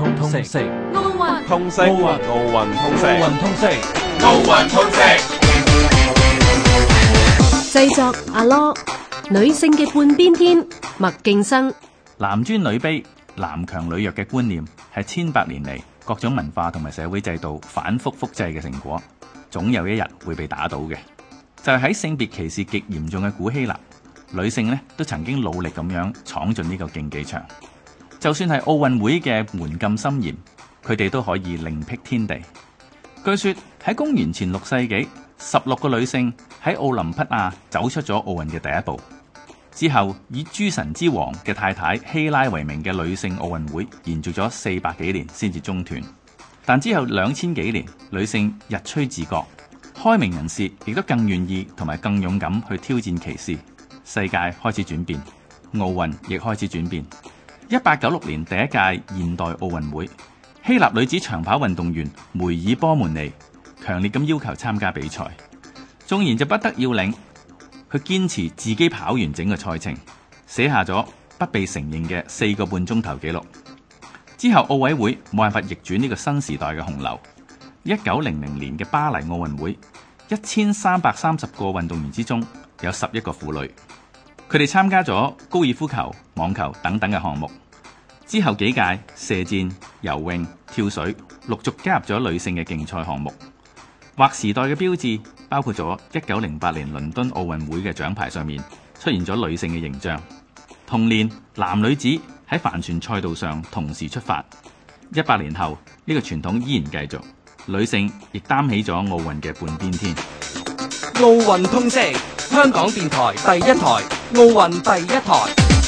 通通識，奧運，奧運，奧運通識，奧運通識，奧運通識。製作阿羅，女性嘅半邊天，麥敬生。男尊女卑、男強女弱嘅觀念係千百年嚟各種文化同埋社會制度反復複製嘅成果，總有一日會被打倒嘅。就係喺性別歧視極嚴重嘅古希臘，女性呢都曾經努力咁樣闖進呢個競技場。就算係奧運會嘅門禁森嚴，佢哋都可以另闢天地。據說喺公元前六世紀，十六個女性喺奧林匹亞走出咗奧運嘅第一步。之後，以諸神之王嘅太太希拉為名嘅女性奧運會延續咗四百幾年先至中斷。但之後兩千幾年，女性日趨自覺，開明人士亦都更願意同埋更勇敢去挑戰歧視，世界開始轉變，奧運亦開始轉變。一八九六年第一屆現代奧運會，希臘女子長跑運動員梅爾波門尼強烈咁要求參加比賽，縱然就不得要領，佢堅持自己跑完整個賽程，寫下咗不被承認嘅四個半鐘頭紀錄。之後奧委會冇辦法逆轉呢個新時代嘅洪流。一九零零年嘅巴黎奧運會，一千三百三十個運動員之中有十一個婦女。佢哋參加咗高爾夫球、網球等等嘅項目，之後幾屆射箭、游泳、跳水陸續加入咗女性嘅競賽項目。劃時代嘅標誌包括咗一九零八年倫敦奧運會嘅獎牌上面出現咗女性嘅形象。同年，男女子喺帆船賽道上同時出發。一百年後，呢個傳統依然繼續，女性亦擔起咗奧運嘅半邊天。奧運通識，香港電台第一台。奧運第一台。